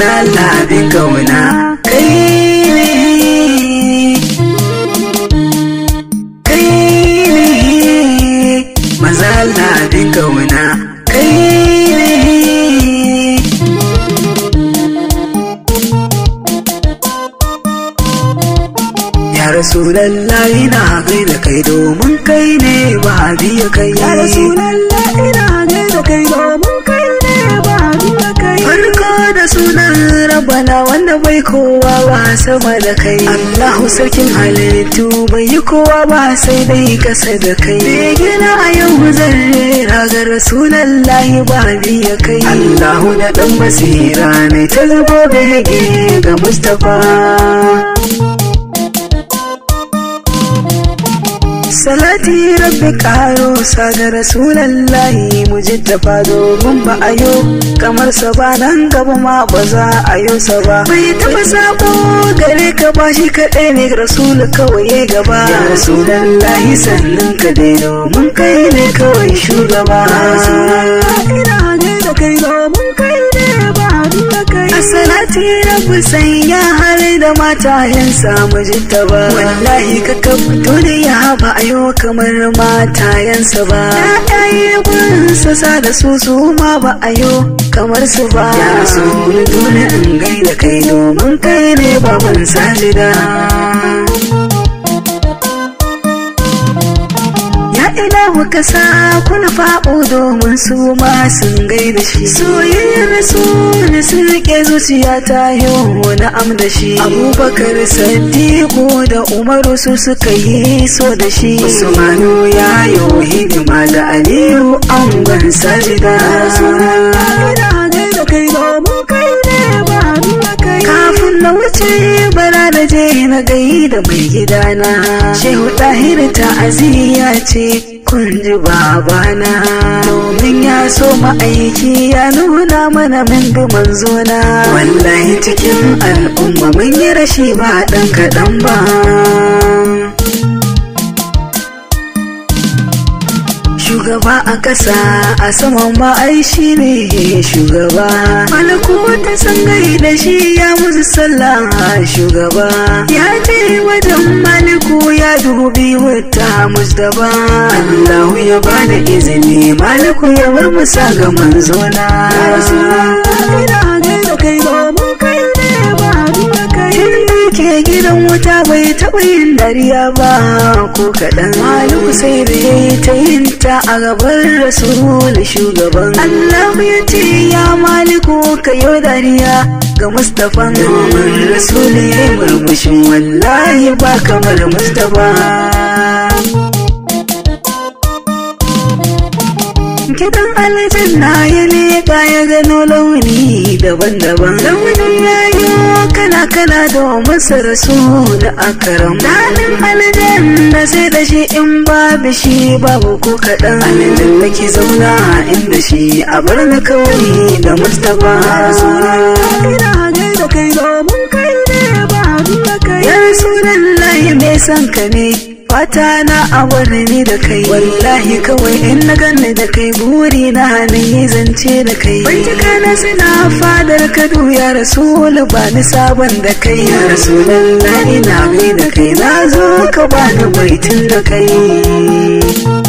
zalla bi kauna kai ne kai ne mazalla bi kauna kai ne ya rasulallah ina gaida kai domin kai ne ba biya kai ya rasulallah ina gaida kai domin da sunan rabana wanda bai kowa ba sama da kai Allahu sarkin halittu bai yi kowa ba sai dai kasa da kai Me gina a yau zarra ga rasulan lahi ba biya kai Allahu da ɗan basira ne ta zubo bege ga Mustapha salati rabbi karo sada rasulallahi mujittafa domin ba a yau kamar sa nan gaba ma ba za a yau sa ba bai taba sako gare ka ba shi kaɗai ne rasulu kawai ya gaba ya rasulallahi sannan ka dai mun kai ne kawai shugaba salati rabbi sanya har da mata yan samu jitta ba wallahi ka kaf duniya ba a yau kamar mata yansa ba ya yi gun sasa da su su ma ba a yau kamar su ba ya so dole in gaida kai domin kai ne baban sajida ilahu ka kasa. kuna faɓo domin su ma sun gaida shi soyayyar su sani sun rike zuciya ta yin wani am da shi abubakar sadiku da umaru su suka yi so da shi usmanu ya yi hidima da aliyu angon sajida kafin na wuce bara da je na gai da mai gidana shehu tahir ta aziya ce kunji babana domin ya so ma'aiki ya nuna mana min duman zona wallahi cikin al'umma mun yi rashi ba ɗan kaɗan ba shugaba a ƙasa a saman ma ai shi ne shugaba malaku ta sangai da shi ya musu sallah shugaba ya je wajen maliku ya dubi wata musdaba Allahu ya bada izini maliku ya bar musa ga manzona fita bai taɓa yin dariya ba ko kaɗan malu sai da ya yi ta yin ta a gaban rasul shugaban allah ya ce ya maliku ka yi dariya ga mustapha domin rasul ya yi murmushin wallahi ba kamar mustapha dan aljanna ya leka ya gano launi daban-daban Launi launin yi kala-kala da masar su da akaram aljan aljanna sai da shi in babu shi babu ko kaɗan aljanna ki zauna inda shi a bar na kawai da mustapha ina hagai da kai layi mai son ka ne fata na a ni da kai wallahi kawai in na ganni da kai buri na hannun yi zance da kai bincika na suna fadar kadu ya rasu ba ni sabon da kai ya rasulallah ina mai da kai na zo ka bani baitin da kai